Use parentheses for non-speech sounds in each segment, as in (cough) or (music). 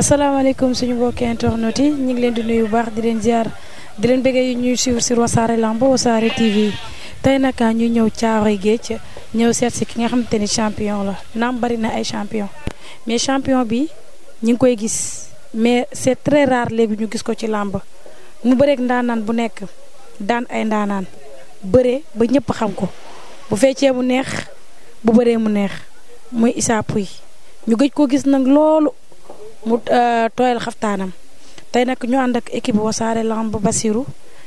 asalaamaaleykum suñu mbokki internet yi ñu ngi leen di nuyu bu baax di leen ziar di leen bëggee yi ñuy suivre sur wasaare lamb wasaare TV tey nag ñu ñëw caaroy géej ñëw seet si ki nga xamante ni champion la naam bari na ay champion mais champion bi ñu ngi koy gis mais c'est très rare ñu gis ko ci làmb mu bëreeg ndaanaan bu nekk daan ay ndaanaan bëree ba ñëpp xam ko bu feccee mu neex bu bëree mu neex muy Issa yi ñu gëj ko gis nag loolu. mu euh, tooyal xaftaanam tey nag ñu ànd ak équipe wasaare lamb Basirou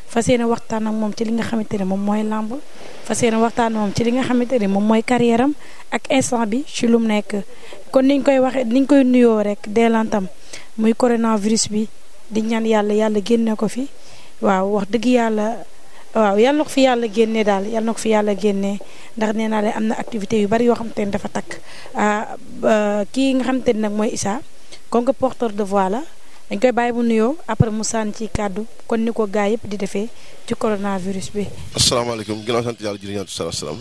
fas yéene waxtaan ak moom ci li nga xamante ne moom mooy lamb fas yéene waxtaan moom ci li nga xamante ne moom mooy carrière am ak instant bi ci lu mu nekk kon niñ koy waxee ni niñ koy nuyoo rek dès lantam muy coronavirus bi di ñaan yàlla yàlla génnee ko fi waaw wax dëgg yàlla. waaw yal ko fi yàlla génnee daal yal na ko fi yàlla génnee ndax nee naa leen am na activité yu bari yoo xamante ne dafa takk ah, kii nga xamante ne nag mooy Issa kon que porteur de voix la dañ koy bàyyi bu nuyoo après mu sànni ci kàddu kon ni ko gaa yëpp di defee ci coronavirus bi. asalaamaaleykum ginnaaw sant yàlla jërëjëf ñaar salaam salaam.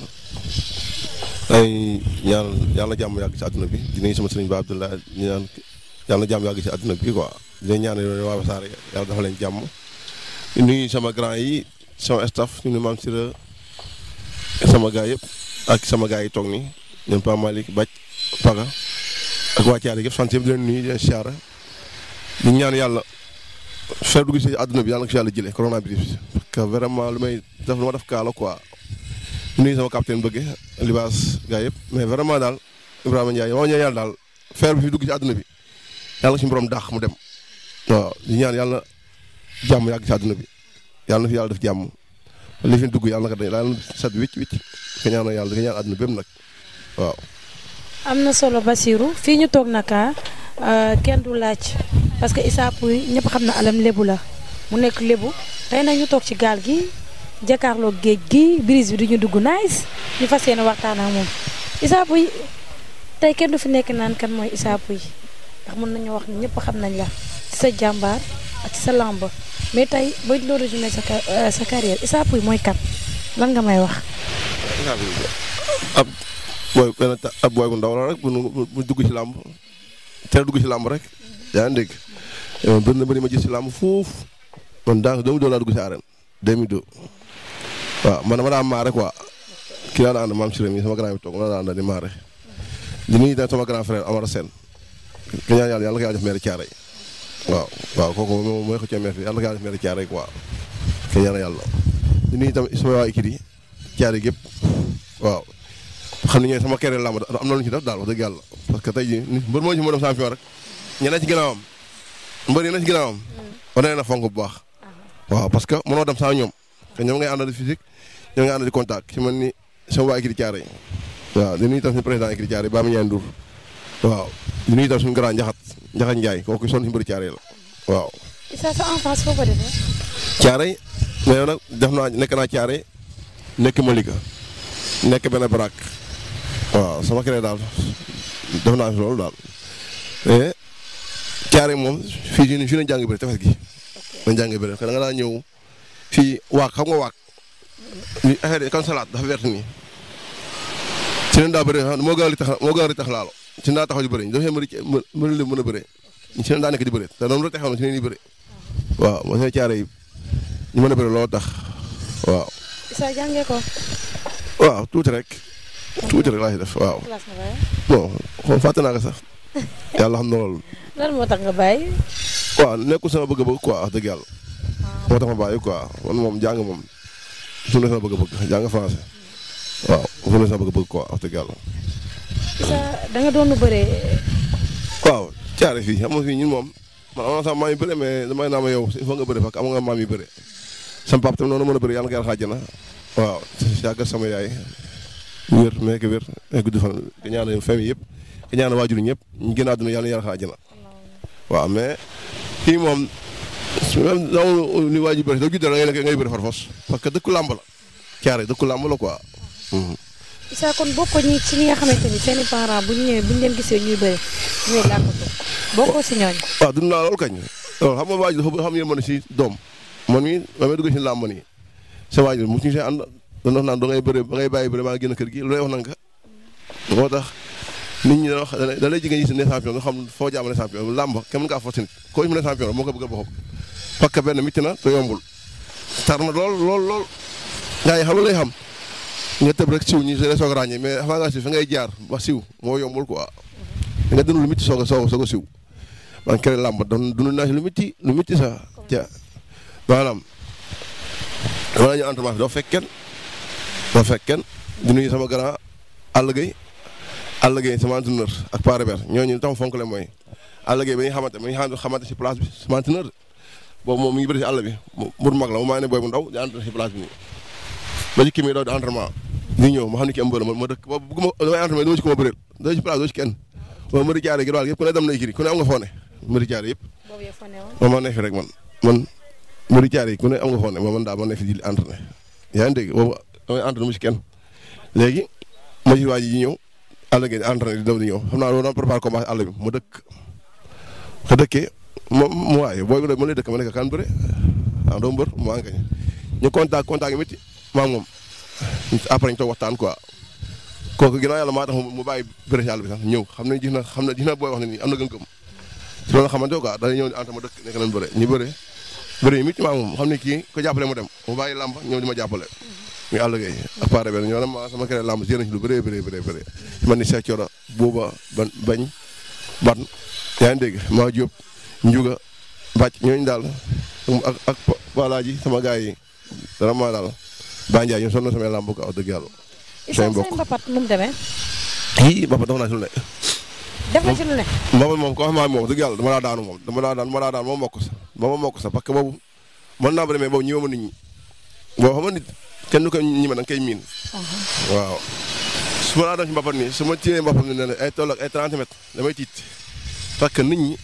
ay ñaan yàlla jàmm yàgg ci àdduna bi di nuyu sama sëriñ Ba Abdoulaye ñu naan yàlla jàmm yàgg ci àdduna bi quoi di ñaan yooyu waa Wassare yàlla dafa leen jàmm. di sama grand yi sama staff ñu ne maam Sira sama gaa yëpp ak sama gaa yi toog nii ñoom Paa Malick Bac Paga. ak waa Thiaré yëpp sant yëpp di leen nuyu di leen siyaara yàlla feebar dugg àdduna bi yàlla na si yàlla jëlee coronavirus bi parce que vraiment lu may def def kaala quoi nuyu sama capitaine bëgge libaas gaa yëpp mais vraiment daal Ibrahima Ndiaye maa ñaan yàlla daal feebar bi fi dugg si àdduna bi yàlla si borom daax mu dem waaw ñu ñaan yàlla jàmm yàgg si àdduna bi yàlla na fi yàlla def jàmm li fi dugg yàlla na ko dañ yàlla na yàlla ka ñaan àdduna bépp nag waaw am na solo Basirou fii ñu toog naka euh, kenn du laaj parce que Issa yi ñëpp xam na alam lébu la mu nekk lébu tey nag ñu toog ci gaal gi jàkkaarloo géej gi brise bi du ñu dugg nice ñu fas yéene waxtaan ak moom Issa yi tey kenn du fi nekk naan kan mooy Issa yi ndax mën nañu wax ñëpp xam nañ la ci sa jàmbar ak ci sa lamb mais tey boo doon résumé sa euh, sa carrière Issa Pouye mooy kan lan nga may wax. booy benn ab booy bu ndaw la rek bu bu dugg ci làmb te dugg ci làmb rek yaa ngi dégg bëri na bëri ma gis ci làmb foofu man daanaka 2002 laa dugg ci arène 2002 waaw man dama daan maare quoi ki laa daan maam Chiré mi sama grand bi toog ma daan di maare di nuyu daal sama grand frère Amara Sène ki ñaan yàlla yàlla ko yàlla def yàlla def maire Thiaray quoi ki ñaan yàlla di nuyu tamit sama waa équipe yi gépp waaw xam ne ñooy sama kere làmb am na lu ñu ci def daal wax dëgg yàlla parce que tey jii mbër moo ci moo dem champion rek ñe na ci ginnaawam mbër yi na ci ginnaawam mm. na fonk bu baax ah. waaw parce que mënoo dem saa ñoom te ñoom ngay àndal di physique ñoom ngay àndal di contact ci man ni sama waa écurie Thiaroye waaw di nuyu tam suñu président écurie Thiaroye Bami Ndiaye Ndour waaw di nuyu tam suñu grand njaxat njaxat Ndiaye kooku sonn si mbëri Thiaroye la waaw Issa sa enfance nag def naa nekk naa Thiaroye nekk Malika nekk waaw sama crée daal def naa fi loolu daal et eh, caare moom fii ñu fi ñu jàng bëri tefes gi. nañ jàng bëri da nga daan ñëw fii waag xam nga waag. ñu affaire salaat dafa vert nii. ci leen daa bëri ah, moo gaaw li tax moo gaaw li tax laalo ci leen daa taxaw di bëri ñu dafay mën mën leen mën a bëree ñu ci leen daa nekk di bëri te noonu la taxaw na ci di bëri waaw moo seen caare yi ñu mën a tax waaw tuuti rek. tuuti rek def waaw. bon xaw fàtte naa ko sax (laughs) yàlla xam na loolu. lan moo tax nga bàyyi. waaw nekkul sama bëgg-bëgg quoi wax dëgg yàlla. Ah. moo tax ma bàyyi quoi man moom jàng moom bëgg jàng français waaw su bëgg-bëgg quoi wax dëgg yàlla. Issa da nga doon bëree. waaw fii xam fii ñun moom man am na sama maam yu bëre mais damay naa ma yow il faut nga bëre fekk am nga maam yu bëre. sama papa tamit noonu mën a bëri yàlla nga yàlla xaajana waaw yàggal sama yaay wér meek wér ak gudd fan di ñaanal famille yëpp di ñaanal waajur ñëpp ñu génn àdduna yàlla yàlla xaa àjjana waaw mais kii moom même daaw li waajur bëri doo juddoo da ngay ngay bëri farfos parce que dëkku làmb la caare dëkku làmb la quoi. Mhm. Issa kon bokkoo ñi ci ñi nga xamante ni seen i parents bu ñu ñëwee bu ñu leen gisee ñuy bëri ñooy làkkatu bokkoo si ñooñu. waaw dund naa loolu kañ loolu xam nga waajur dafa xam yéen mën si doom man mii damay dugg si làmb nii sa waajur mu si ànd. doon wax naan da ngay bëre bàyyi bëre ba génn kër gi lu lay wax moo tax nit ñi wax da lay ji nga gis ne champion foo jaam ne champion làmb kenn ko bëgg a boppam parce que benn mitti na te yombul tar na lool lool lool gars yi lay xam nga rek siw ñu soog a ràññee mais avant ngay jaar ba siw moo yombul quoi nga dund lu mitti soog a soog a siw man làmb doon dund naa si lu mitti lu mitti sax ca maanaam wala doo fekk doo fekk kenn sama grand Alla Gueye Alla Gueye sama entraîneur ak Paa Reber ñooñu li tax ma fonk leen mooy Alla Gueye ba ñu xamante ba ñu xamante si place bi sama entraîneur boobu moom mi ngi bëri si àll bi mbur mu ndaw di entraîné si place bi nii ba ci kii mi di entraînement ma xam ne kii am mbër ma ma dëkk ba bëgguma damay entraîné dama ci ko ma bëreel doo ci place yëpp ku ne dem na am nga foone Madi Diarra ma ne fi ku ne am nga foone moom man di entraîné yaa ngi damay entraîné mu si kenn. léegi ma si waa ji ñëw àll ngeen di di daw di ñëw xam naa loolu daan préparé combat àll bi mu dëkk te dëkkee ma ma waaye booy bi ma lay dëkk ma nekk kan bëre ah, mu ànkañ ñu contact contact yi métti maa moom après ñu toog waxtaan quoi. kooku ginnaaw yàlla maa tax mu bàyyi bëri àll bi sax ñëw xam ne ji na xam ne gis na booy wax ne nii am na gëm-gëm ci loolu xamante quoi dañuy ñëw di ma dëkk nekk nañ bëre ñu bëre bëri yi métti maa moom xam ne kii ko jàppale mu dem mu bàyyi làmb ñëw di ma jàppale muy Alla Gaye ak Paa Rebel ñoo ne ma sama keneen a jëlee nañ ci lu bëree bëree bëree man ni Cheikh Thioro bañ ban yaa dégg maa Diop Ndiouga Mbacke ñooñu daal ak ak Palaaji sama gars yi dara maa daal Ba Ndiaye ñoom na samay làmb ko wax dëgg yàlla. seen mbokk isaan mbapat nu mu demee. naa ci lu na ci lu ne. mbapat moom koo xam ne moom dëgg yàlla dama laa daanu moom dama laa daan dama moom mokk moom mokk sa parce que boobu mën naa ba demee boobu ñi boo xam nit kenn du ko ñime da nga miin. Uh-huh. waaw su ma laa dem ci mbappat nii su ma tiimee mbappat ne ay toll ak ay 30 parce que nit ñi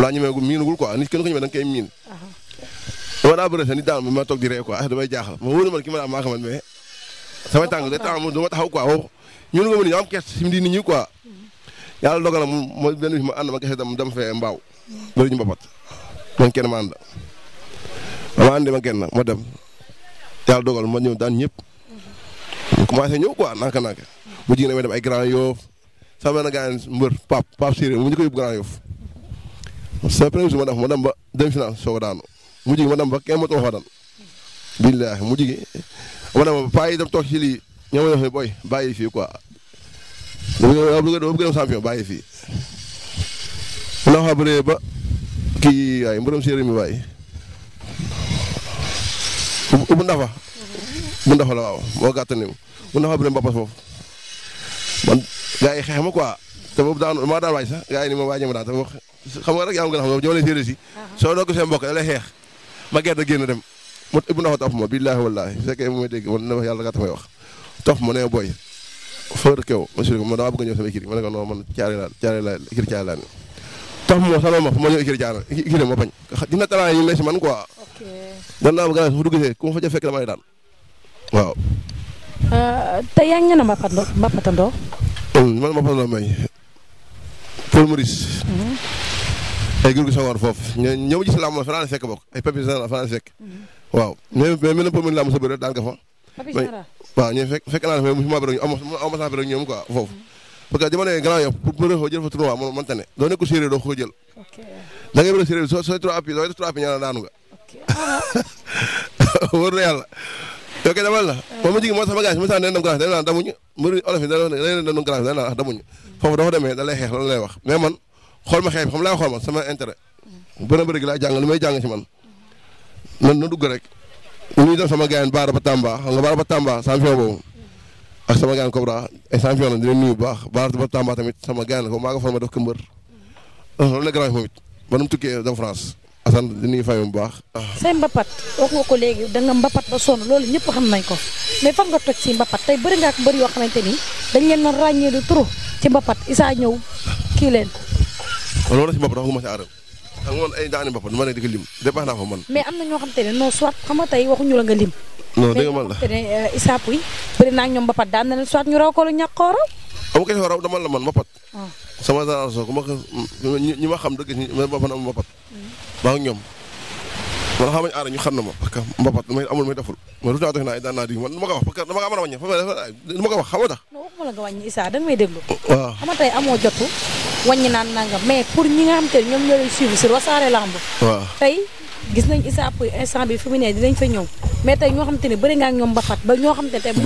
laa ñemee gu ko ñime da nga koy miin. Uh-huh. dama daa bëre sa nit daal ma toog di ree ma wóor ki ma daal maa xamal mais ma taxaw quoi woo ñun nga ma nii am kees si di nit ñi quoi. Uh-huh. yàlla dogal na ma benn bis ma ànd dem fee mbaaw bëri ñu mbapat man kenn ma ànd ma àndee ma kenn ma dem. yàlla dogal ma ñëw daan ñëpp. ñu commencé ñëw quoi nanka nanka mu jigéen damay dem ay Grand Yoff sama benn gars yi mbër Pape Pape mu ñu ko yóbbu Grand Yoff. sa premier jour ma def ma dem ba demi-finale soog a daanu mu jigi ma dem ba kenn ma toog fa daan. billaahi mu jigi ma dem ba paa yi dem ma def fii quoi. dama bëgg dama bëgg dem champion ba kii ay mbërëm séeréer mi waaye. bu ndafa bu ndafa la waaw moo gàtt ni bu ndafa bi leen boppas foofu man gars yi xeex ma quoi te boobu daan maa daan waaj sax gars yi ni ma waajee ma daan te xam nga rek yaa ngi gën a xam ne jëmale séeréer si uh-huh. da ma gerte génn dem mu bu ndafa topp ma billaahi wallaahi su fekkee mu may dégg man ndafa yàlla gàtt may wax topp ma nee booy fër kew ma suri ko ma dama bëgg a ñëw sama équipe ma ne ko non man caare laa sax moom sax moom moo ñëw écurie Diarra écurie moo bañ dina talaa yi ne si man quoi. ok dan naa ma gànnaaw ma fa ca fekk damay daan waaw. Euh, te yaa ngi ñu ne Mbapatandoo Mbapatandoo. ay gurgu sawar foofu ñoo fekk mhm. waaw mais mais mel na Paul Maurice làmb sa daan nga fa. fekk fekk naa ne moom mosuma bëre ñoom quoi foofu. Mhm. parce que dama ne Grand Yoff pour pour jël fa tournoi man man tane doo nekk séeréer doo ko jël. ok séeréer soo sooy trois appuis sooy def trois appuis ñaar daanu nga. ok uh-huh. (laughs) wóor na la. Uh-huh. moom jigi moo sama gars ma sax nee nañu Grand Yoff dañu naan damuñu mbëri olof yi dañu ah, dafa demee da lay lay wax mais man xool ma xeex xam laa xool sama intérêt. bu na bëri gi laa jàng lu may jàng si man. nan na dugg rek. ñu dem sama gars baa baara ba Tamba xam nga baara Tamba champion boobu ak sama gaan Cobra ay champion la nuyu baax baaratu ba Tamba tamit sama gaan ko maa ko formé def ko mbër mm-hmm. loolu la grand moom it ba nu mu tukkee dem France Assane di nuyu famille bu baax. Ah. say mbapat wax nga ko léegi da nga mbapat ba sonn loolu ñëpp xam nañ ko mais fan nga toj si mbapat tey bëri nga ak mbër yoo xamante ni dañ leen a ràññee du trop ci mbapat Issa ñëw kii leen. loolu si mbapat wax nga ma si aadama. ak ay daani boppam ma ne di ko lim dépassé naa fa man. am na ñoo xam te ne non soit xam nga tey waxuñu la nga euh, na leen mbapat. Ah. ma ko ñi ma xam dëgg ñi ma boppam am mbapat. Mm. maa ngi ñoom man xam nañu aar ñu xam na ma parce que mbapat damay amul may deful man ruta naa ay naa di man du ma ko wax parce que dama ko mën a wàññi ma da nga may déglu. waaw xam amoo jotu wàññi naan nangam mais pour ñi nga xam te ñoom ñoo lay suivre sur Wassare Lamb waaw tey gis nañ Issa Pouye instant bi fi mu dinañ fa ñëw mais tey ñoo xam te ne bëri nga ñoom ba fat ñoo xam te ne tey la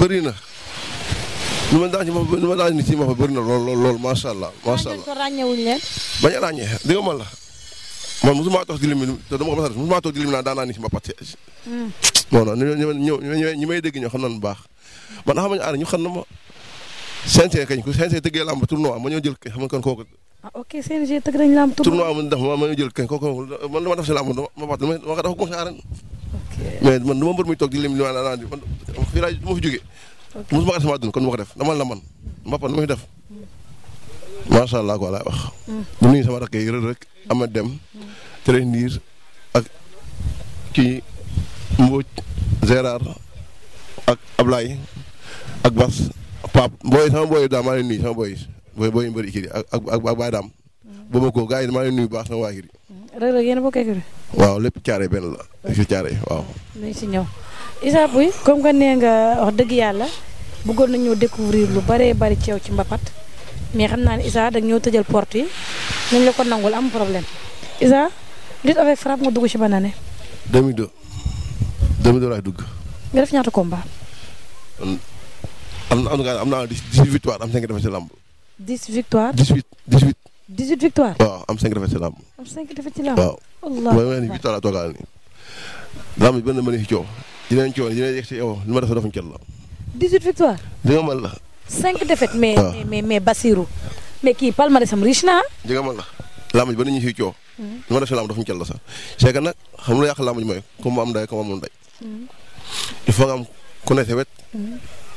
bëri na ñu ma daaj ma ñu ma ci ma bëri na lool lool lool macha allah macha allah a ràññee dégg man la man mosuma toog di lim a def mosuma toog di lim naa daan naa hmm. may dégg ñoo xam nañu baax xam nañu aar ñu xam na ma CNG kañ ku CNG tëggee làmb tournoi ma ñëw jël kañ xam nga kon kooku. ah ok CNG tëgg nañ làmb tournoi. tournoi ma def ma ma ñëw jël kañ kooku man dama def si làmb ma wax dama dama ko mos a aaree. ok mais man du ma mbër muy toog di lim li ma la naan man fii laay du ma fi jógee. ok mosuma ko def sama dund kon du ma ko def dama la man mbappa du ma fi def. Mm. macha allah ko laay wax. bu mm. nuyu sama rakk yi rëdd rek ama dem. Mm. Thérèse Ndiir ak kii Mbodj Gérard ak Ablaye ak Bas. Pape booy sama booy daal maa ngi nuyu sama booy booy booy ñu ak ak ak Baye Dame. Mm-hmm. ko gars yi maa ngi nuyu baax sama waa kii. Mm-hmm. Reug Reug yéen a bokk écurie. waaw lépp caare benn la ci si ñëw Issa Pouye kom que ne nga wax dëgg yàlla buggoon bëggoon nañoo découvrir lu baree bari ceew ci mbapat mais xam naa ne Issa dag ñoo tëjal porte yi nañ la ko nangul am problème Issa lutte avec frappe nga dugg ci ban année. 2002 2002 laay dugg. nga def ñaata combat. am na am naa 18 victoire am 5 défaites ci làmb. 10 victoire 18 18. 18 victoire waaw am 5 défaites ci làmb. am 5 défaites ci làmb. waaw mooy ma ne victoire laa toogaal nii. làmb bi benn mën a coow dinañ coow dinañ yegg si yow li ma defoon defuñ kenn la. 18 victoire. di nga mën la. 5 défaites mais mais mais Basirou. mais kii palmarès am riche na di nga mën la. làmb ji ba nit ñi siy coow. Hmm. li ma def si làmb dafuñ kenn la sax. c'est que nag xam nga yàq làmb ji mooy comme mu am ndey comme amul ndey. Hmm. il faut nga am ku ne sa wet. Hmm.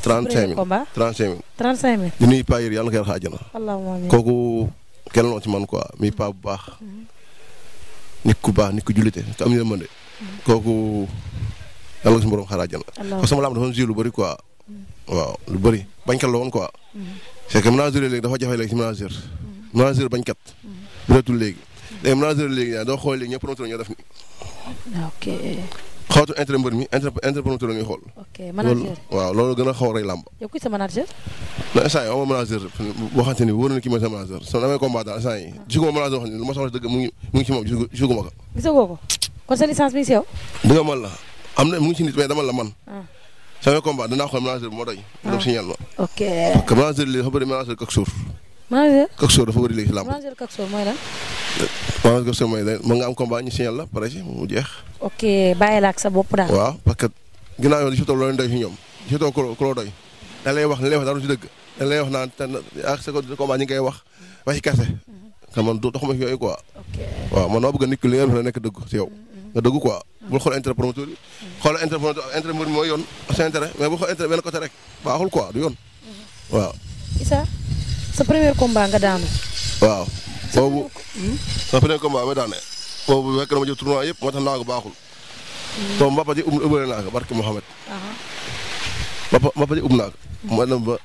35 mille combat 35 mille. 35 mille di nuyu Paa yër yàlla na ko yàlla xaajana. allahumma amiin kooku kenn loo ci man quoi mi Paa bu baax. Mhm. nit ku baax nit ku jullite te am na yërmande. Mhm. kooku yàlla ko si borom xaajana. parce que sama lamb dafa am lu bëri quoi. Mhm. waaw lu bëri bañkat la woon quoi. c'est que manager léegi dafa jafe léegi si manager. manager bañkat. bëreetul léegi. léegi manager léegi doo xool léegi ñëpp promoteur ñoo def ni ok. xawatu intérêt mbër mi intérêt intérêt promoteur la ñuy xool. ok manager waaw loolu gën a xaw a làmb. yow kuy sa manager. non instant manager waxante na manager mu ngi mu ngi ci moom gisu gisagoo ko kon sa licence bi si yow. dëgg man la am na mu ngi ci nit mais dama la man. Ah. sama combat dinaa xool manager bi moo doy. mu ah. dem signal ma. ok manager lii dafa bëri manager kak suur. manager kak dafa bëri léegi si làmb. manager kak suur mooy lan. maanaam gëstu mooy day mën nga am combat ñu signal la pare si mu jeex. ok bàyyi la ak sa bopp daal. waaw parce que ginnaaw yoon li si loolu doy si ñoom li si toog doy. dañ wax li lay wax dara si dëgg dañ wax naan te ak ah, mhm. sa si yow. Mhm, mhm. nga dëgg quoi bul xool intérêt promoteur yi. xoolal intérêt promoteur intérêt mbir mooy yoon sa intérêt mais bu xool intérêt benn côté rek baaxul quoi du yoon. waaw. Issa sa premier combat nga daanu. waaw boobu sa premier combat ba daane boobu fekk na ma jël tournoi yëpp moo tax naa baaxul to mm. mbappa ji um, ubbale naa ko barke Mouhamed uh-huh. mbappa ji ub um naa ko mm. ma ba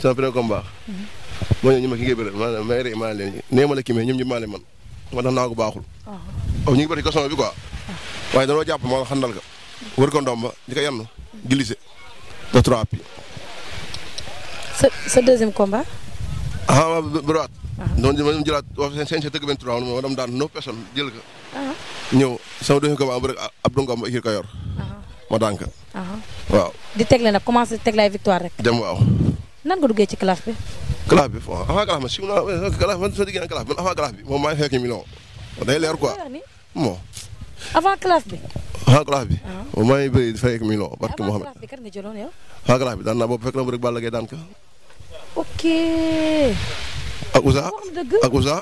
sama premier combat moo mm-hmm. ñëw ñu ma ki ngay bëre ma may rey maa leen nee ma la ki mee ñoom ñu maa leen man moo tax naa ko baaxul uh-huh. oh, ñu ngi bëri question bi quoi uh-huh. waaye danoo jàpp ma xandal ka wër ko ndomba di ko yenn glissé de trois appuis sa deuxième donc ma dem jëlaat wax seen seen tëgg benn trois ma dem daan neuf personnes jël ko. ñëw sama deuxième combat bu rek ah, Abdou Ngom Ikir Kayor. ma daan ko. waaw. di tegle nag commencé tegle ay victoire rek. dem waaw. nan nga duggee ci classe bi. classe bi waaw avant classe ma si ma classe man soo diggee classe man avant classe bi moom maa ngi fekk million. day leer quoi bon. na bu rek Balla Gaye daan ak Ousa ak Ousa.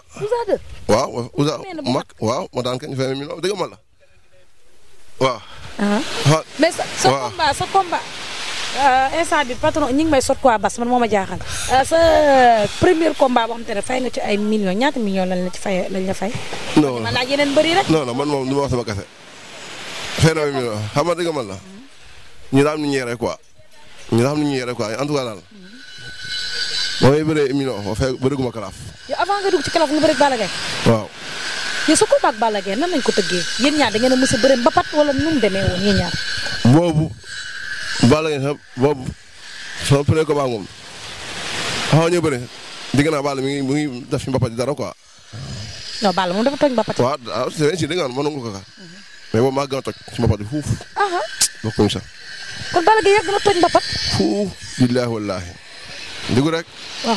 waaw Ousa mag waaw ma daan kañ vingt millions dëgg ma la waaw. waaw ah. ah. mais sa sa combat sa combat. Euh, instant bi patron ñi ngi may sot quoi bas man moo ma jaaxal euh, sa euh, premier combat boo xam te ne fay nga ci ay million ñaata millions lañ la ci fay lañ la fay. non man yeneen bëri rek. non man moom du ma sama kese. fay na millions mm-hmm. xam nga dëgg ma la. ñu daal am ñu ñeere quoi. ñu daal am ñu ñeere quoi en tout cas daal. Mm-hmm. ba may bëree émission ba fekk bërëguma kalaaf. yow avant nga dugg ci kalaaf nga bëreeg Balla Gaye. waaw. yow sa combat ak Balla Gaye nan lañ ko tëggee yéen ñaar da ngeen a mës a bëre mbapat wala nu mu demee woon yéen ñaar. boobu Balla Gaye xam boobu sama premier combat moom xaw ma ñu bëre dégg naa Balla mi ngi mi ngi def mbapat dara quoi. non Balla moom dafa toj mbapat. waaw waaw ah, c'est vrai si dégg naa ma nangu ko ka mhm. ba boobu maa gën a toj ci mbapat bi fuuf. bokkuñ sax. kon Balla mbapat. fuuf billaahi wallaahi. dugg rek. waaw.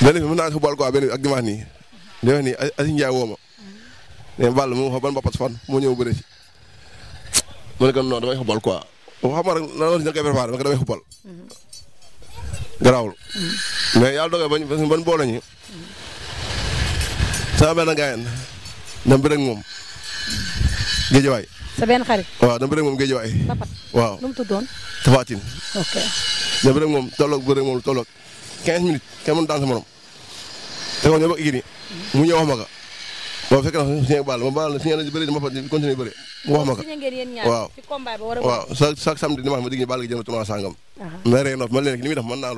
benn bi mën naa football ak dimanche nii. di wax nii Aziz Ndiaye woo ma. mu wax ban mbapat fan moo ñëw bëre si. ma ne damay football quoi boo xam rek nan la ñu koy préparé ma ko damay mm-hmm. Mm-hmm. bañ boole ñu. Mm-hmm. sama benn gaayen dem bi rek géejawaay. sa benn xarit. waaw dama bëri moom géejawaay. waaw nu mu tuddoon. Tapha Tine. ok dama bëri moom tolloog bëri moom tolloog 15 minutes kenn mën daan sa morom. te kon ñoo bokk igini. mu ñëw wax ma ko. boo fekk na suñu baal ma baal na suñu yàlla bëri dama fa continuer bëri. mu wax ma ko waaw waaw chaque samedi ma xam ne digg ñu baal gi jëm tournoi sangam. mais rey def mën naa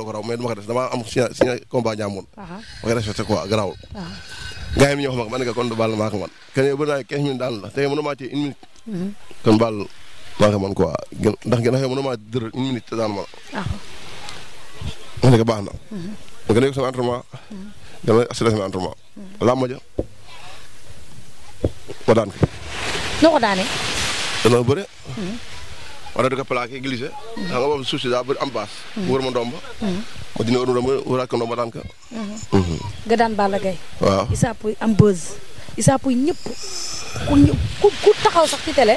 la gaa yi mi ñoo xam man nga kon du baal maa man kenn yow bu naa la te mënu maa ci une minute. Mm-hmm. kon baal maa man quoi gën ndax gën a maa dër une minute te daan ma. Ah. ma ne ko baax na. Mm-hmm. nga nekk sama entraînement. nga mm-hmm. nekk assuré sama entraînement. laa ma ja ma daan ko. noo ko daanee. dana bëre. waa na di ko plaqué glissé. xam boobu suuf si daa bëri am baas. wër ma ndomba. ma mm-hmm. dina wër ma ndomba wëraat ko ndomba daan ko. Mm-hmm. Mm-hmm. nga daan Balla Gaye. waaw am buzz. Issa ñëpp ku taxaw sax ci télé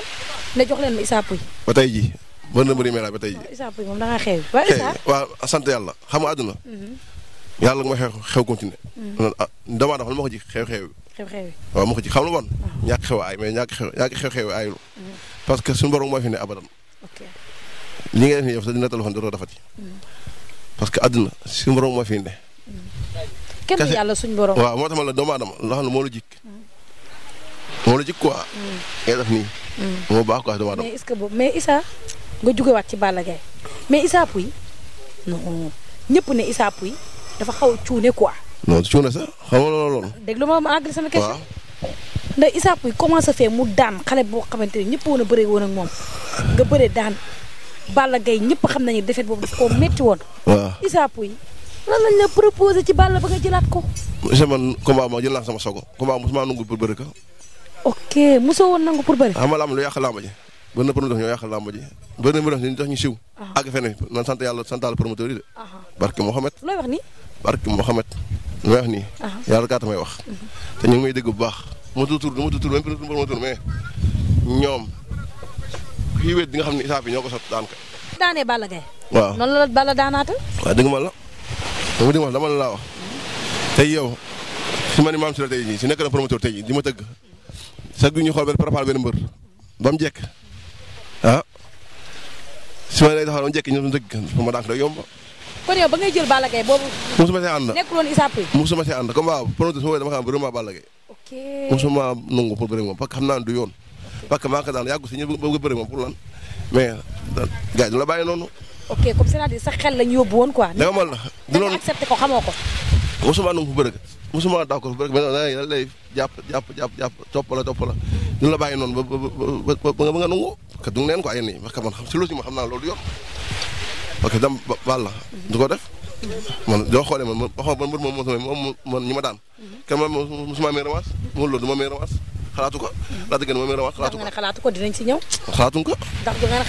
ne jox leen ma Issa ba tey jii mën na mën a melaat ba tey jii. Issa moom da ngaa xew. waaw Issa waaw yàlla xam nga àdduna. yàlla nga ma xew xew continué. Ah, damaa ma ko ji xew xew. xew xew waaw ma ah. mais ñàkk xew ñàkk xew xew aayul. parce que suñu borom moo fi ne abadan li nga def nii yow sax dina toll fan dootoo dafati. Mm. parce que àdduna suñu borom moo fi ne. Mm. kenn yàlla suñu borom. waaw moo tax ma la doomu aadama loo xam ne moo la jik mm. moo la jik quoi. ngay def nii. moo baax quoi doomu mais est-ce que boobu mais Issa nga jugewaat ci mais Issa Pouye non ne Issa Pouye dafa xaw a cuune quoi. non cuune sax xam nga loolu. déglu ma ma àggali sama question. nday Issa Pouye comment ça fait mu daan xale boo xamante ne woon a bëree woon ak moom nga bëree daan Balla Gaye ñëpp xam nañu defet boobu daf koo métti woon. waaw Issa Pouye lan lañ la proposé ci Balla ba nga jëlaat ko. monsieur man combat ma jël naa sama sogo combat mosuma nangu pour bëri ko. ok mosoo woon nangu pour bëri. xam ah, nga lu yàq làmb ji bëri na promoteur ñoo yàq làmb ji bëri na mu def ñu tax ñu siw. Ah. àgg fenn nan sant yàlla santal promoteur yi de. Ah. barke Mohamed. looy wax nii. ma tudd tur du ma tudd tur ñoom kii wéet di nga xam ne Issa bi ñoo ko sot daan ka. daanee Balla Gaye. waaw noonu la Balla daanaata. waaw dëgg ma la dama dëgg ma dama la laa wax tey yow si ma ne maam si la tey jii si nekk na promoteur tey jii di ma tëgg sax du ñu xool benn préparé benn mbër ba mu jekk ah su ma nee taxaw ba mu jekk ñoom dëgg ma daan ko day yomb. kon yow ba ngay jël Balla Gaye boobu. musuma see see ànd comme waaw promoteur su ma dama ko am vraiment Balla musuma nangu pour bëri moom parce xam naa du yoon. parce que ko daan yàggu si ñu bëgg bëri moom pour lan mais gars yi du la bàyyi noonu. ok comme c'est-à-dire sa xel lañ yóbbu woon quoi. dama la du loolu accepté ko xamoo ko. musuma nangu fu bëri musuma d'accord fu bëri mais da lay jàpp jàpp jàpp jàpp topp la topp la du la bàyyi noonu ba ba ba nga nangu. parce que du ngeen ko ay nii si lu si ma xam naa loolu yoon parce que dam wàlla du ko def. man doo xoolee man man waxoon man mbër moom moo sama man ñi ma daan. kenn ma musuma amee revanche mu loolu du ma amee revanche xalaatu ko. laa dëgg ma amee revanche xalaatu ko ndax si ñëw. xalaatuñ ko. ndax du nga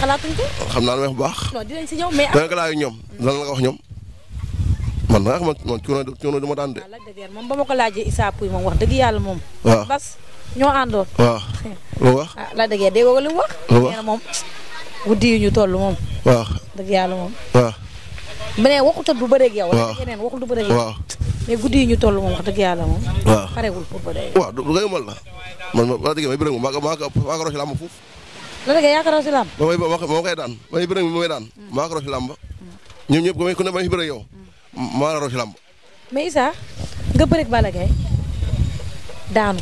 xam naa lu bu baax. non dinañ si ñëw mais. danga laa wax ñoom. man nag man man coono coono du ma daan de. waaw moom ba ma ko laajee Issa Pouye moom wax dëgg yàlla moom. waaw bas ñoo àndoon. waaw lu wax. la Lac de Guiers dégg nga li mu wax. lu wax nee na guddi yu ñu toll moom. waaw dëgg yàlla moom. bu ne waxut du bëreeg yow. waaw rek yeneen waxul du bëreeg guddi ñu toll moom wax dëgg la moom. waaw parewul pour bëree. waaw du ngay mal la man ma a dëgg may bëreeg moom maa ko maa la dëgg yaa ko rosi làmb. ma may ma ma koy daan may bëreeg ma fi mm. bëreeg yow. Mm. maa la rosi làmb. mais Issa nga bëreeg Balla Gaye daanu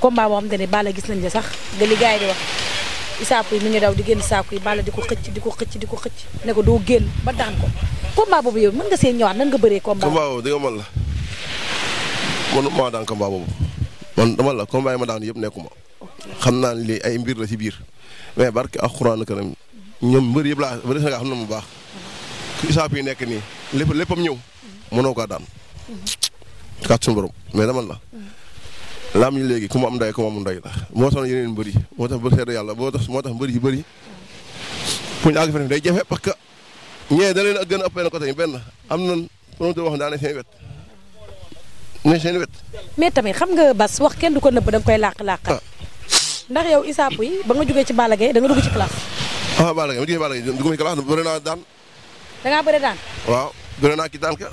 combat boo xam te ne gis nañ la sax nga di wax isaapu yi mi ngi daw di génn saako yi bala di ko xëcc di ko xëcc di ko xëcc ne ko doo génn ba daan ko combat boobu yow mën nga see ñëwaat nan nga bëree combat boobu di nga man la man maa daan combat boobu man dama la combat yi ma daan yëpp nekkuma xam naa ne lii ay mbir la ci biir mais barke ak xuraan karim ñoom mbër yëpp laa bëri Sénégal na mu baax ku yi nekk nii lépp léppam ñëw mënoo kaa daan kaat suñu borom mais dama la laam ñu léegi ku mu am nday ku mu amul nday la moo tax yeneen mbër yi moo tax bër seede yàlla moo tax moo tax mbër yi bëri pour ñu àgg day jafe parce que ñee da leen a gën a ëpp benn côté benn am nañ promoteur wax daanaka seen wet ne seen wet. mais tamit xam nga Bas wax kenn du ko nëbb da nga koy làq-làqal. Ah. ndax yow Issa yi ba nga jógee ci Balla Gaye da nga dugg ci classe. ah Balla Gaye ma jógee Balla Gaye dugg ci bëri naa daan. da ngaa bëri daan. waaw bëri naa ki daan ka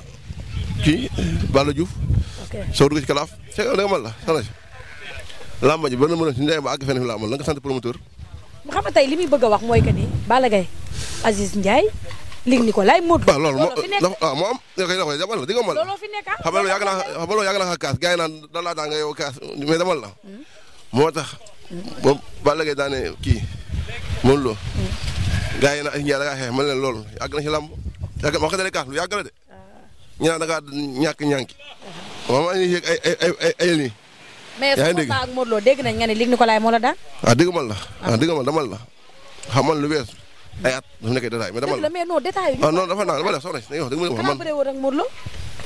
kii Balla soo dugg ci kalaaf c' da nga mën la si. làmba ji ba na mën a si ndeyam ba àgg fenn fi la la nga sant promoteur. mu xam ne tey a wax mooy que ni Balla Gaye Aziz Ndiaye lig ni ko lay mot. waaw loolu moo waaw moo am nga koy wax demal la di nga mën la. looloo fi ah. kaas gars yi naan da laa daa nga yow kaas mais demal moo tax. boobu Balla daane kii moom loolu. Mm. gars yi nag Ndiaye da ngaa xeex mën leen loolu yàgg si làmb yàgg wax nga kaas lu yàgg de ñu naan da ngaa ñàkk ñànk moom maa yaa ngi dégg mais ak Modou Lo dégg nañ nga ne daan. ah man la ah, ah. dégg man damal la xam lu wees ay at dafa nekk détail mais damal naa dama def ah, soxna man bëre woon ak Modou Lo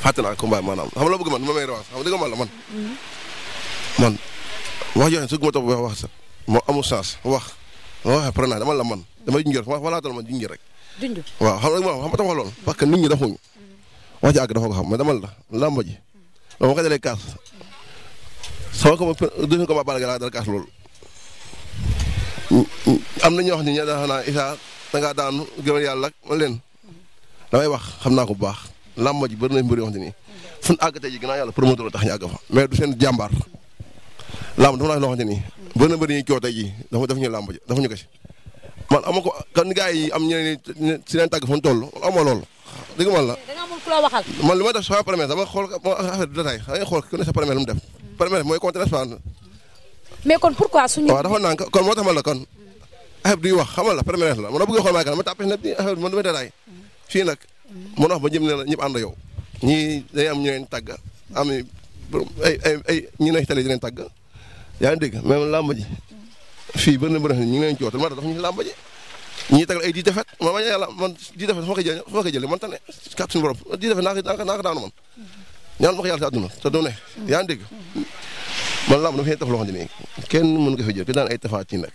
fàtte la man ma may revanche xam dégg man la man mm-hmm. man wax joxe su ma topp wax wax sa moo amul wax ma waxee pare dama la man damay junjër wax walaatal ma junjër rek junj waaw xam nga ma xam ma wax loolu parce que nit ñi dafuñu wax ci àgg dafa ko xam mais dama la làmb ji. dama ko dalee kaas. sama ko deuxième combat Balla Gaye laa dal kaas loolu. am na ñoo xam ne ñoo daan xanaa Issa dangaa daanu gëmal yàlla man leen. damay wax xam naa ko bu baax. làmb ji bëri na mbir yoo xam ne nii. fu àgg tey ji yàlla promoteur la tax mais du seen jàmbaar. làmb dafa naa loo xamante nii bëri na bëri ñuy coow tey dafa ñu làmb ji dafa ñu ko si man ama ko kan gars yi am ñeneen ñi si leen tàgg fa mu toll amoo loolu dëgg man la da nga amul ku la waxal. man ma def sama première dama xool affaire du détail da ngay xool ku mm. ma la kon. affaire bi wax xamal la la man ma bëgg xool maa ngi ma tàppee nag nii affaire bi fii nag ma wax ba jëm ne na ñëpp ànd yow. ñii day am ñu leen tàgg am ay ay ay ñi nekk télé di leen tàgg yaa ngi dégg même làmb ji fii bëri na bëri na ñu ngi leen cootal ma dafa ñu làmb ji ñii tegal ay di defet ma bañ a yàlla man di defet fu ma koy jëlee fu ma jëlee man tane kàttu suñu borom di defet naa ko naa ko daanu man ñaan ma ko yàlla si àdduna te doo ne yaa ngi dégg man lamb dafa ñuy def loo xam ne nii kenn mën ko fi jël ku daan ay tafaati nag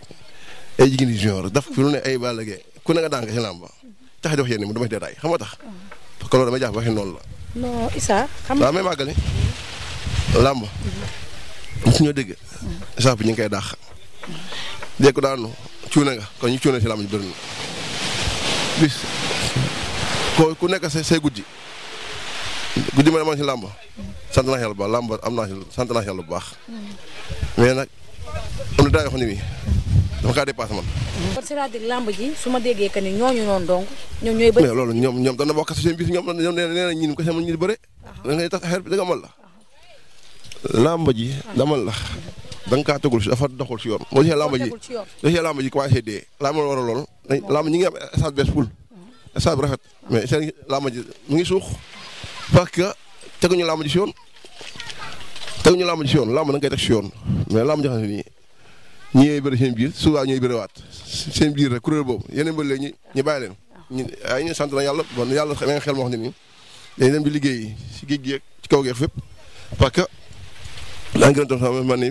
ay jigéen junior daf fi lu ne ay Balla ku ne nga daan nga si làmb tax di wax yéen mu dama si détail xam nga tax parce loolu dama jàpp waxi noonu la. non Issa. xam nga waaw may màggali làmb. suñu dégg. saako ñu ngi koy dàq. dégg ko daanu. cuune nga kon ñu cuune si làmb ji bëri ku nekk say say guddi guddi ma ne maa ngi si làmb sant naa yàlla baax làmb am naa si sant naa bu baax mais nag am daa yoo xam ne kaa dépassé man. kon c'est-à-dire làmb ji su ma déggee que ni ñooñu noonu donc ñoom loolu ñoom ñoom dana bokk si seen bis ñoom nee na ñun kese mën ñu bëre. Ah. ngay tax affaire bi danga amal la. Ah. làmb ji damal la. da nga tegul si dafa doxul si yoon. boo gisee làmb ji boo gisee làmb ji commencé dee làmb war a lool mm-hmm. rafet mais seen làmb ji mu ngi suux parce que teguñu làmb ji si yoon teguñu làmb ji si yoon làmb da nga koy teg si yoon mais làmb joo xam ne nii ñi ñooy bëri seen biir souvent ñooy bëriwaat seen biir rek kuréel boobu yeneen bëri léegi ñu bàyyi leen. ñu ay ñu sant na yàlla bon yàlla na nga xel moo xam ne nii dañ leen di liggéey si géej gi ak ci kaw gi fépp maa ngi gërëm sama man ni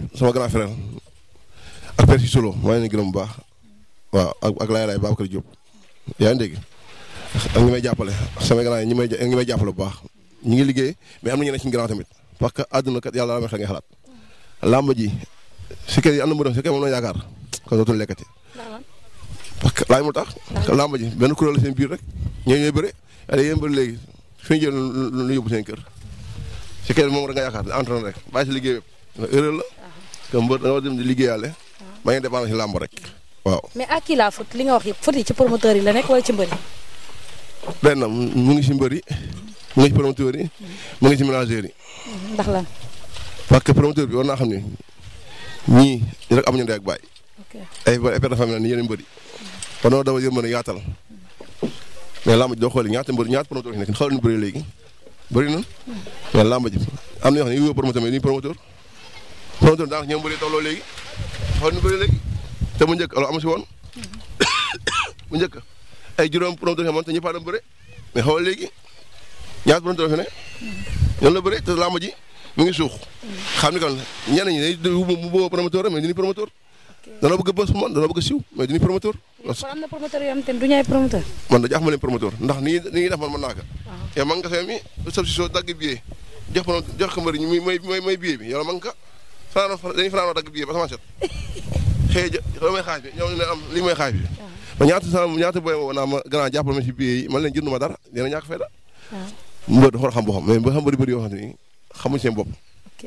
ak père si solo maa ngi leen gërëm bu baax waaw ak ak lay laay Babacar Diop yaa ngi dégg ak ñi may jàppale sama grand yi ñi may ñi may jàppale bu baax ñu ngi liggéey mais am na ci suñu grand tamit parce que àdduna kat yàlla la may xel ngay xalaat làmb ji si kër yi am na mu dem si kër moom la yaakaar kon dootul lekkati. parce que laaj mu tax. làmb ji benn kuréel seen biir rek ñooñu ñooy bëre yàlla yéen bëri léegi fi ñu jël lu yóbbu seen kër. ci kenn moom rek nga yaakaar ne entraîneur rek bàyyi si liggéey yëpp erreur la. parce ah. que mbër da dem di liggéeyaale. maa ah. ngi dépendre si làmb rek waaw. mais à qui la faute li nga wax yëpp faute yi ci promoteur yi la nekk wala mu ngi si mbër yi mu ngi si promoteur mu ngi si manager yi. Mm-hmm. ndax lan. bi war naa xam ne ñii rek amuñu ndey ak baay. ay ay père de famille la ni yéen mbër yi. yaatal mm-hmm. mais làmb ji doo xool ñaata mbër ñaata promoteur yi nekk xool nu bëri léegi. bëri na mais làmb ji am na yoo xam ne yu woo promoteur mais ni promoteur promoteur daanaka ñoom bëri tolloo léegi xool nu bëri léegi te bu njëkk alors amu si woon bu (coughs) njëkk ay juróom promoteur xamoon te ñëpp a doon bëri mais xool léegi ñaar promoteur fi ne ñoom la bëri te làmb ji mu ngi suux xam ni kon ñenn ñi day mu boo promoteur mais ni promoteur dana bëgg bës man dana bëgg siw mais du ñu promoteur. kon am na promoteur yoo xam te ne du ñu ay promoteur. man de jaaxal ma leen promoteur ndax ni ñuy ni ñuy def man mën naa ko yow man nga fee mi substitut dagg billet jox ko jox ko mbëri ñu may may billet bi yow man nga fanaanoo dañuy fanaanoo dagg billet ba sama set (laughs) xëy na may xaaj bi ñoom ne am li may xaaj bi. ma ñaata sa ñaata booy woo naa ma gannaaw jàppal ma ci billet yi man leen jënduma dara dina ñàkk fay da. mbër dafa xam boo xam mais boo xam bëri bëri yoo xam ne xamuñ seen bopp. ok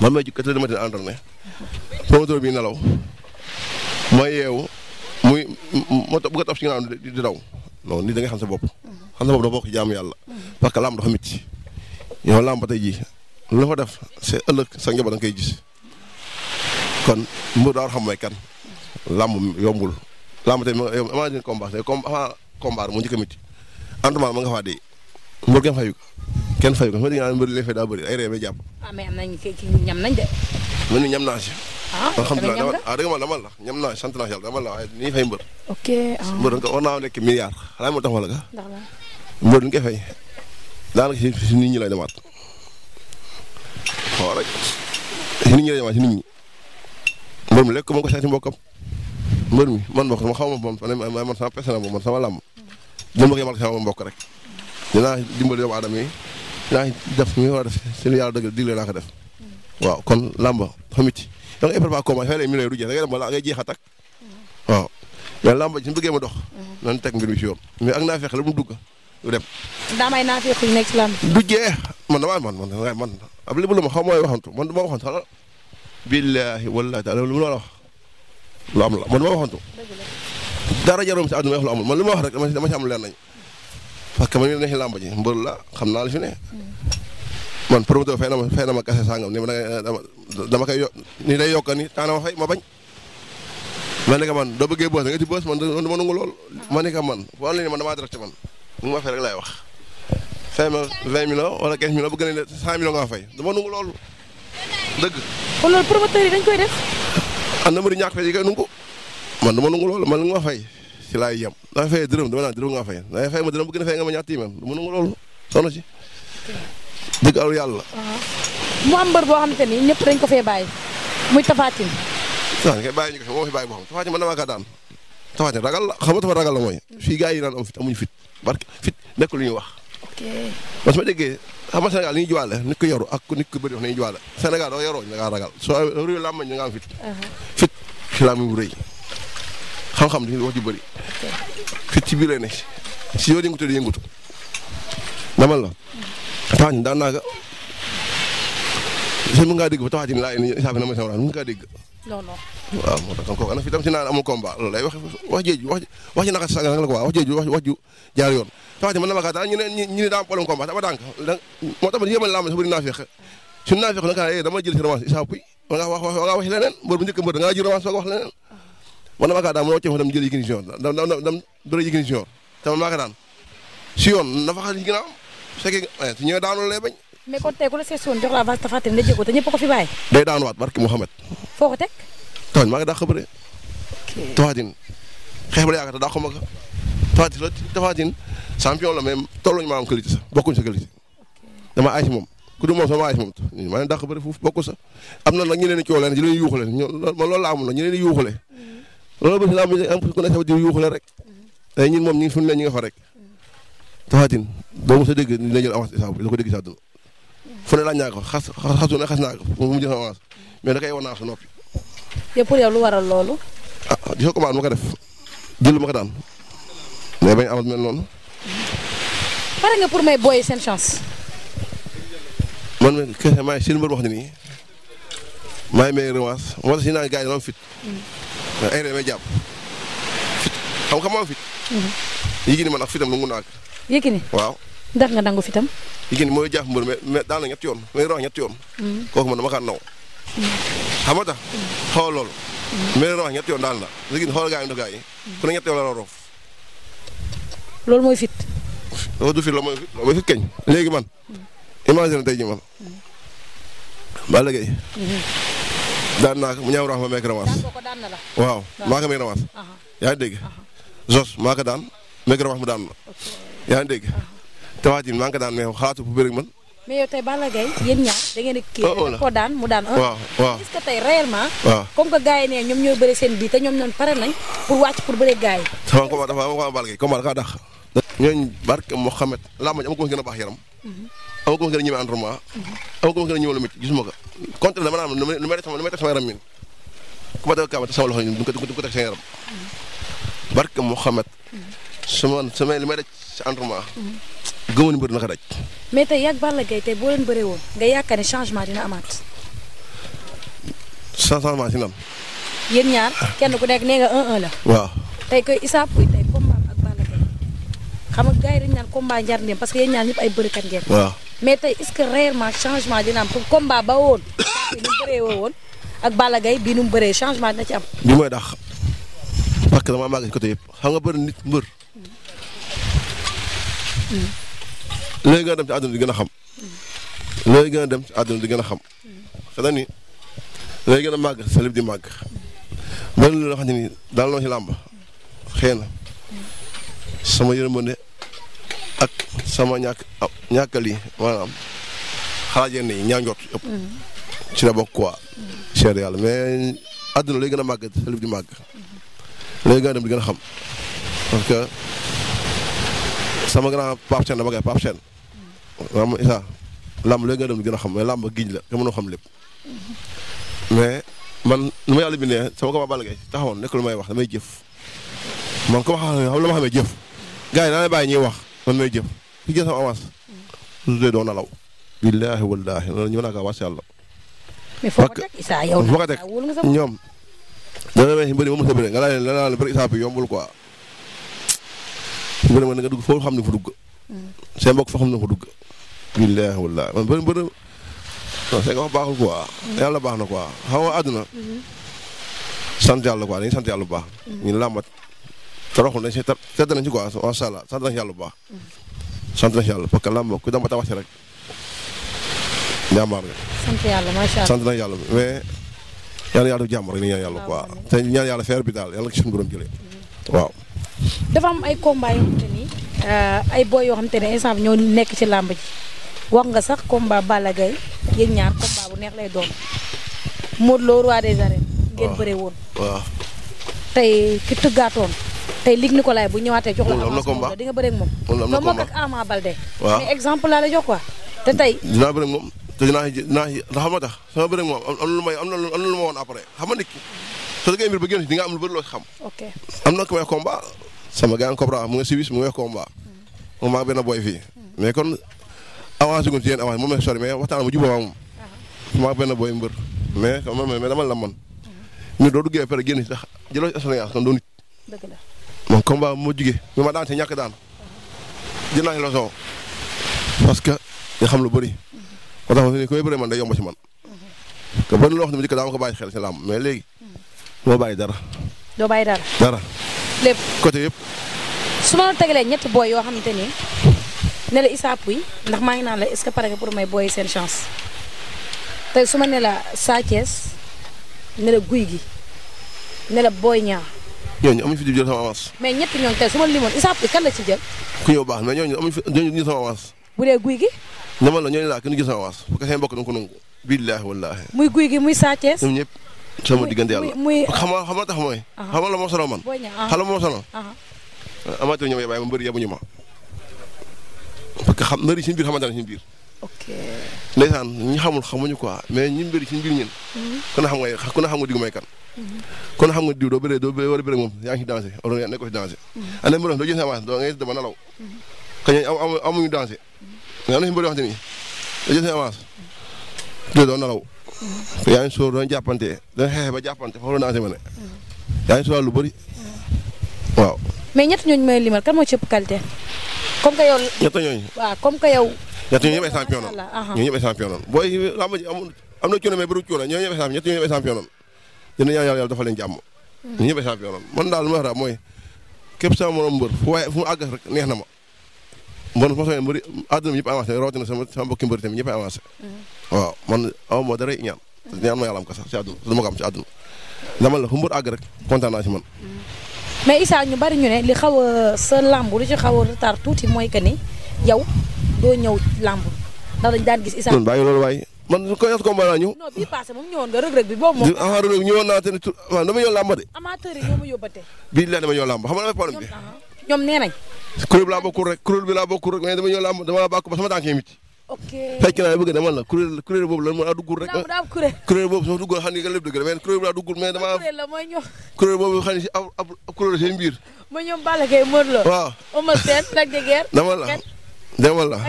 man may ju quatre heures du matin entraîné. promoteur bi nelaw ma yeewu muy moto bu ko topp ci nga di daw non nit da xam sa bopp. xam sa bopp da bokk ci jaamu yàlla. parce que làmb dafa métti. yow làmb ba tey ji lu fa def c'est ëllëg sa njaboot da nga koy gis kon mbir daa war xam mooy kan. làmb yombul. làmb tey yow imagine combat tey comme mu njëkk a métti. entraînement ma nga faa dee. mbir ngeen fay kenn fayu ko ma dégg naa mbëri lay fay daa bëri ay ree ah, ah, ah, mbër. lekk ko ko seeti mbokkam mbër mi man mbokk ma xaw ma moom man sama personne man sama làmb. dama ko yemal sama mbokk rek dinaa dimbali doomu aadama yaa ngi def mi war a def si lu yàlla dëgg digle naa ko def waaw kon làmba xamiti da nga préparé combat fay lay million du jeex da ngay dem la ngay jeex a takk waaw mais lamba ji su bëggee ma dox nan teg mbir mi si yoon mais ak naa la mu dugg du dem daa may naa fexe ñu nekk si làmb jeex man na man man man ab li bu la ma xaw ma waxantu xala billaahi wallaahi taala lu mu la wax lu am la man du ma waxantu dara jaroom si àdduna wax lu amul man ma wax rek dama si am leer nañ parce que ma mii dañu si làmb ji mbër la xam naa li fi ne. man promoteur fay na ma fay na kase sangam ma eh, dama koy yokk ni day yokk ni taana ma fay ma bañ. ma ne ko man doo bëggee bës nga ci bës dama nangu lool. ma ne ko man wala ni man ma fay rek laay wax. fay ma 20 millions wala 15 millions bëgg nañ ne 100 millions nga fay dama nangu lool dëgg. kon loolu promoteurs yi dañ koy def. ànd mbëri ñàkk fay yi koy nangu man dama nangu lool man li nga ma fay. ci laay yem da fay dërëm dama naan dërëm nga fay da fay ma dërëm a nga ma ñaar tiimam loolu soxna si dëgg alu yàlla mu am mbër boo xamante ni ñëpp dañ ko fee bàyyi muy tafaatin waaw tafaatin man tafaatin ragal la xam nga ragal la mooy fii gars yi naan am fit amuñu fit barke fit nekk lu ñuy wax parce que ma déggee xam nga Sénégal li ñuy juwaale ak nit ko bëri wax nañuy juwaale Sénégal doo yoroo da ngaa ragal am fit fit ci làmmañ bu xam-xam di wax ju bëri fit ci biir lay nekk si yow yëngutu di yëngutu dama la taxañ daan naa ga sëñ bi nga dégg fa taxañ laa indi saa fi na ma sama mu nga dégg tax wax wax jeeju wax sa nga la ko wax jeeju jaar yoon taxañ man na ma ka daal ñu ne ñu ne daa am moo tax man yéemal laa ma naa feex su naa eh, dama jël si revanche Issa wax wax wax leneen mbër bu njëkk mbër da nga jël revanche wax leneen man damaa kaa daan ma wàccee fa dem jël Yékini Junior dam dam dam bëri te man maa kaa daan si yoon na fa xal ginnaaw su fekkee eh, su ñëwee daanoo lay bañ. mais kon tey ku la seet si woon jox la a Tapha Tine nga jéego te ñëpp ko fi bàyyi. day daanuwaat barki Mouhamed. foo ko teg. tawañ maa ngi dàq bëre. ok Tapha Tine xeex ba daa ko mag Tapha Tine la Tapha Tine champion la mais tolluñ maanaam qualité sax bokkuñ sa qualité dama aay si moom ku du moom sama aay si moom maa ngi dàq bëre foofu bokku am na nag ñu leen di coow leen ñu leen di yuuxu leen ñoom loolu laa amoon ñu leen di yuuxu loolu ba si la am rek tey moom ñu ngi fi ne ñu nga fa rek Tapha Tine doo mos a dégg dina jël ko dégg si àdduna ne laaj naa ko xas xasu na xas naa ko mu jël avance mais da koy wan naa su noppi. yow pour yow lu waral loolu. ah, ah di ko commande ma ko def jël ma ko daan mais bañ amat maa ngi seen mbër moo tax si naan gars yi dama fit. Mm. ay ree jàpp fit xam nga maa fit. Mhm. Yékini man ak fitam nangu naa ko. Yékini waaw. ndax nga nangu fitam. Yékini mooy jàpp mbër mais mais daan na ñetti yoon mooy raw ñetti yoon. Mhm. kooku man dama kaa naw. Mhm. xam nga tax xool loolu. mais ñetti yoon daal na Yékini xool gaa yi ndox gaa yi. ku ne ñetti mooy fit. loolu fit loolu mooy fit keñ léegi man. imagine tey jii man. Balla Gaye daan naa ko mu ñaaw raxma meek ramas waaw maa ko meek ramas yaa ngi dégg jos maa ko daan meek ramas mu daan la yaa ngi dégg tawaati maa ngi ko daan mais xalaatu bu bëri man mais yow tey Balla Gaye yéen ñaar da ngeen kii oh, oh, da ko daan mu daan waaw waaw est-ce que tey réellement waaw comme que gars yi ne ñoom ñooy bëri seen bii te ñoom ñoon pare nañ pour wàcc pour bëri gars yi sama combat dafa ma ko am Balla Gaye combat dafa dàq ñooñ barke Mohamed laa ma am ko gën a baax yaram mhm. am ko gën a ñëme entraînement mhm. am ko gën a ñëme lu métti gisuma ko contre dama naan nu may def sama yaram ñun ku ma def kaaba te sama loxo ñun du ko du ko teg seen yaram. barke Mouhamed. su ma su ma li may daj si entraînement. gëmoon mbër naka daj. mais tey yàgg Balla Gaye tey boo leen bëree woon nga yaakaar ne changement dina amaat. changement si lan. yéen ñaar kenn ku nekk nee nga 1-1 la. waaw xam nga gars yi dañu naan parce que yéen ñaar ñëpp mais tey est-ce que réellement changement dina am pour combat ba woon. bi nu mu bëree mu bëree changement dina ci am. bi mooy dax parce que dama màgg yëpp xam nga bëri nit mbër. léegi nga dem ci àdduna di gën a xam. léegi gën a dem ci àdduna di gën a xam. xanaa ni léegi gën a màgg sa lépp di màgg. mel ni xam ne nii daal làmb xëy sama yërmande ak sama ñàkk ñàkkal yi maanaam xalaat yenn yi mm. ci la bokk quoi seer mm. yàlla mais àdduna lay gën a màgg salib di màgg mm-hmm. lay gën di gën a xam parce que sama grand Pape Sène dama koy Pape Sène maanaam mm. isa làmb lay gën a dem di gën a xam mais làmb giñ la te mënoo xam lépp mm-hmm. mais man nu ma yàlla bindee sama ko ba Balla Gaye taxawoon lu may wax damay jëf man ko ma xam la ma xamee jëf gars yi naa leen bàyyi ñuy wax man may jëf ki jël sama avance. Mm. su dee doo nalaw. billaahi wallaahi loolu ñu mën a kaa yàlla. mais foo teg ñoom. da ngay weesu mbëri ma mos a bëri nga laaj la la bëri Issa bi yombul quoi. mbëri ma nga dugg foo xam ne fu dugg. Mm. seen mbokk foo xam ne fu dugg. billaahi wallaahi man bëri bëri. non c'est wax baaxul quoi. Mm. yàlla baax na quoi xam nga àdduna. Mm-hmm. sant yàlla quoi dañuy sant yàlla baax. ñu làmbat te roxul nañ si te sedd nañ si quoi macha allah sant nañ yàlla bu baax. sant nañ yàlla parce que làmb ku dem ba tabax nañ yàlla mais te ñaan yàlla feer bi daal yàlla ko suñu borom jëlee mm-hmm. waaw. dafa ay combat yoo xamante ni euh, ay boy yoo xamante ne instant ñoo nekk ci làmb ji wax nga sax combat Balla Gaye ñaar combat bu neex lay doon Modou Lo roi des arènes. ngeen bëree woon. tey ki tëggaatoon. tey Luc Nicolaï bu ñëwaatee jox la avance moom di nga bëre ak moom. moom la am na combat ak Ama Baldé. waaw mais exemple laa la jox quoi. te tey dinaa bëre moom dinaa dinaa am na lu may ba génn di na ku may combat sama gars Cobra mu nga si wis mu ngi combat. moom maa benn boy fii. mais kon avance gu ñu si yéen avance moom la sori mais mu jubóo ma moom. maa boy mbër mais comme man mais dama la man. Mhm. doo duggee pare génn si tax jëloo si expérience doo nit. man combat moo jugee bi ma daan si ñàkk daan jël naa si leçon parce que nga xam lu bëri. moo tax ma ne koy bëree si man. te ban loo xam ma ko bàyyi xel si laam mais léegi. moo bàyyi dara. doo bàyyi dara. dara. lépp côté yëpp. su ma la tegalee ñetti booy yoo xamante ni ne la Issa ndax maa ngi naan la est-ce que pare pour may booy seen chance tey su ma ne la Sa Thiès ne la Gouye ñooñu amuñu fi di jël sama avance. mais ñett ñooñu tey su ma limoon Issa la ci jël. ku ñëw baax mais ñooñu amuñu fi ñooñu duñu sama avance. bu dee guy gi. dama la ñooñu laa kenn du jël sama avance bu seen bokk da nga ko nangu. muy guy gi muy Sa Thiès. sama diggante yàlla. muy muy xam nga xam nga tax mooy. la moo sonal man. boo ñëw ah xam nga moo sonal. amateur ñoom yabaay ma mbëri yabuñu ma. parce que xam mbëri seen biir xamante ne seen biir. ok ndeysaan ñi xamul xamuñu quoi mais ñi mbëri seen biir ñun. Mhm. ku kon xam nga diw doo bëree doo war a bëree moom yaa ngi ci danger wala yaa nekkoo ci danger. ànd ak mbir doo jël sa avance doo ngay dama nalaw. Mm-hmm. kañ am am amuñu danger. mais am na si mbir yoo xamante ni doo jël sa avance. doo doo nalaw. te mm-hmm. yaa ngi sóor doo jàppante doo xeexe ba jàppante foofu la danger ma ne. Mm-hmm. yaa ngi sóoraal lu bëri waaw. mais ñett ñooñu may limal kan moo ci ëpp qualité. comme que yow. ñett ñooñu. waaw comme que yow. ñett ñooñu ñëpp ay champion noonu. ñooñu ñëpp ay champion noonu booy lamb ji am am na coono mais bëriwul coono ñooñu ñëpp ay champion ñett ñooñu ñëpp ay champion noonu dina ñaan yàlla yàlla dafa leen mm. ñëpp ay champion man ma wax daal mooy képp sama morom mbër fu waaye fu mu àgg rek neex na ma man ma sama mbëri àdduna bi ñëpp avancé rawatina sama sama mbokki mbëri tamit ñëpp ay avancé. Mm. waaw man aw ma dara ñaan. Mm. ñaan ma yàlla am ko sax ci àdduna dama ko am ci àdduna. dama la fu mbër àgg rek kontaan naa man. mais Issa ñu bari ñu ne li xaw a sa làmb lu ci xaw a retard tuuti mooy que ni yow doo ñëw làmb ndax dañ daan gis Issa. bàyyi loolu waaye man ko yas combat laa ñëw. bi boobu moom. ah rëg-rëg ñëwoon de. amateur yi ñoo ma yóbbate. bii la dama ñëw làmba xam nga la problème bi. Ah, ñoom nee nañ. kuréel bi laa bokkul ba sama la boobu la ma duggul rek. naamu daa boobu sama duggul xam nga lépp dëgg la mais kuréel bi laa duggul la mooy ñëw. kuréel boobu xam ne si ab ab kuréel seen biir. ma ñoom Balla Gaye Modou la demal la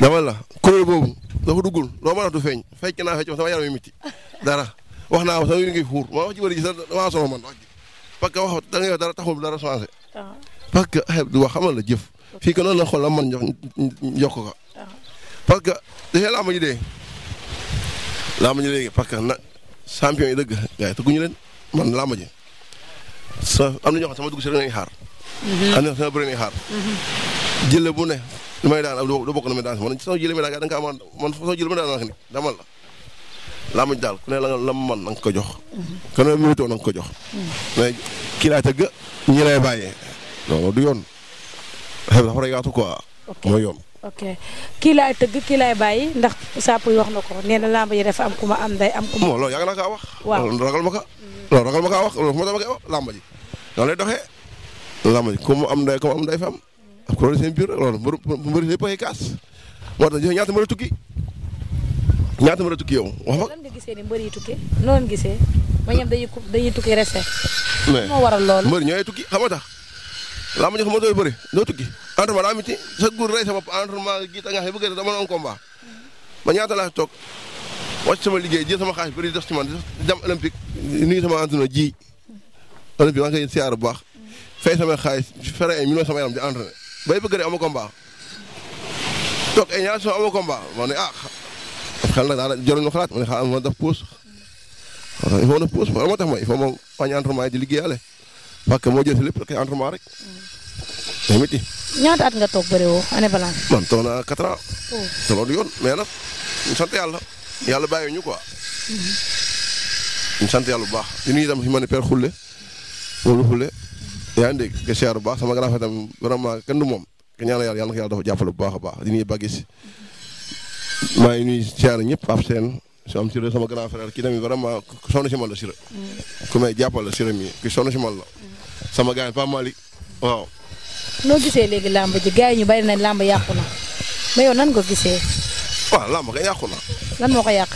demal la kuréel boobu dafa duggul loo mën a du feeñ fekk naa fekk ma sama yaram yu miti dara wax naa ko sama yu ngi xuur ma wax ci bëri gi sax damaa solo man wax ji parce que wax da ngay wax dara taxul dara changé. Ah. parce que xeeb du wax xamal la jëf. fii que noonu la man jox jox ko. Ah. parce que dafay làmb ji dee làmb ji léegi parce que nag champion yi dëgg gars yi tëgguñu leen man làmb ji sama dugg si rek la ñuy xaar. Mhm. am na sama bëri la ñuy jële bu ne li may daan du bokk na ma daan si man soo jëlee ma daan da nga ko amoon man soo jëlee ma ni damal la laamuñ daal ku ne la nga la mu na ko jox. ku ne la mu ko jox. mais kii laa tëgg ñi lay bàyyee. non du yoon dafa war a yaatu quoi. mooy yoon. ok kii laay tëgg kii laay bàyyi ndax sapp yi wax na ko nee na làmb yi dafa am ku ma am day am. ku ma loolu yàgg naa kaa wax. waaw loolu ragal ma ka. loolu ragal ma kaa wax loolu ma dama koy wax làmb ji. loolu lay doxee làmb ji ku mu am nday ku mu am nday fa am. am ko seen biir loolu mbër mbër yëpp ay kaas moo tax ñaata mën a tukki ñaata mën a tukki yow wax ma. lan nga gisee ni mbër yi tukki noonu gisee ma ñoom dañuy dañuy tukki resté. mais moo waral loolu. mbër ñooy tukki xam nga tax laa ma jox ma doy bëri doo tukki entraînement daa amati sa góor rey sa bopp entraînement gi ta nga xam ne bëgg dama doon combat mhm. ma ñaata laa toog wàcc sama liggéey jël sama xaalis bëri di def ci man dem olympique nuyu sama entraîneur ji mhm. olympique maa ngi koy siyaar bu baax mhm. fay sama xaalis fere ay millions sama yaram di entraîné bay bëgg rek amoo combat toog ay ñaar soo amoo combat ma ne ah xel nag daal jarul ñu xalaat ma ne xaaral ma def pause il faut ma def pause moo tax ma il faut ma wàññi entraînement yi di liggéeyale parce que moo jël si lépp rek ay entraînement rek. day métti. ñaata at nga toog bëri woo année balance. toog naa 4 ans. Oh. te yoon mais nag ñu sant yàlla yàlla bàyyi ñu quoi. Mm-hmm. ñu sant yàlla bu baax ñu ngi fi ma ne Père Khoule Maodo yaa ngi dégg nga siyaar bu baax sama grand frère tam vraiment kenn du moom nga ñaanal yàlla yàlla na ko yàlla dafa jàppale bu baax a baax di nuyu Bagis maa ñëpp Pape Sène su am sama grand frère kii tamit vraiment si man la Siré ku may jàppale Siré mi ku sonn si man la sama gars yi Pape Malick waaw noo gisee léegi làmb ji gars yi ñu bari nañ làmb yàqu na nan ko gisee waa làmb kay yàqu na lan moo ko yàq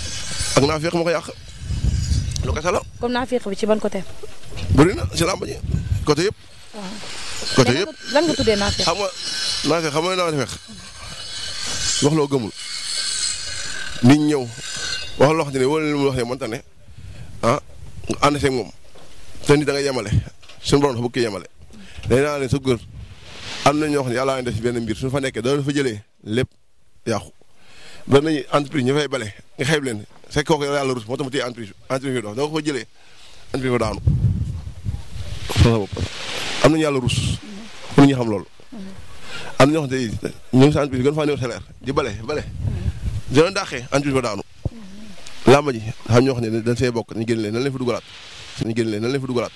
ak naa féeq moo ko yàq lu kese la comme naa féeq bi ci ban côté bëri na si làmb ji côté yëpp. côté yëpp lan nga tuddee naafeq. xam nga xam nga naafeq wax loo gëmul nit ñëw wax loo xam ne wala lu mu wax ne mënta ne ah nga ànd seeg moom te nit da yemale suñu borom dafa bëgg yemale. nee naa ne sa góor am na ñoo xam ne yàlla def si benn mbir suñu fa nekkee doo fa jëlee lépp yàqu. ba nañu entreprise ñu fay bale nga xeeb leen fekk kooku yàlla rus moo tax mu téye entreprise entreprise doo ko fa jëlee entreprise bi daanu. sama bopp am nañu yàlla rus pour ñu xam lool am na ñoo xamante ni ñu ngi si entreprise gën faa néew salaire di bale bale. dina dàqee entreprise ba daanu. làmba ji xam ñoo xam ne dañ see bokk ñu génn leen nan leen fa dugalaat ñu génn leen nan leen fa dugalaat.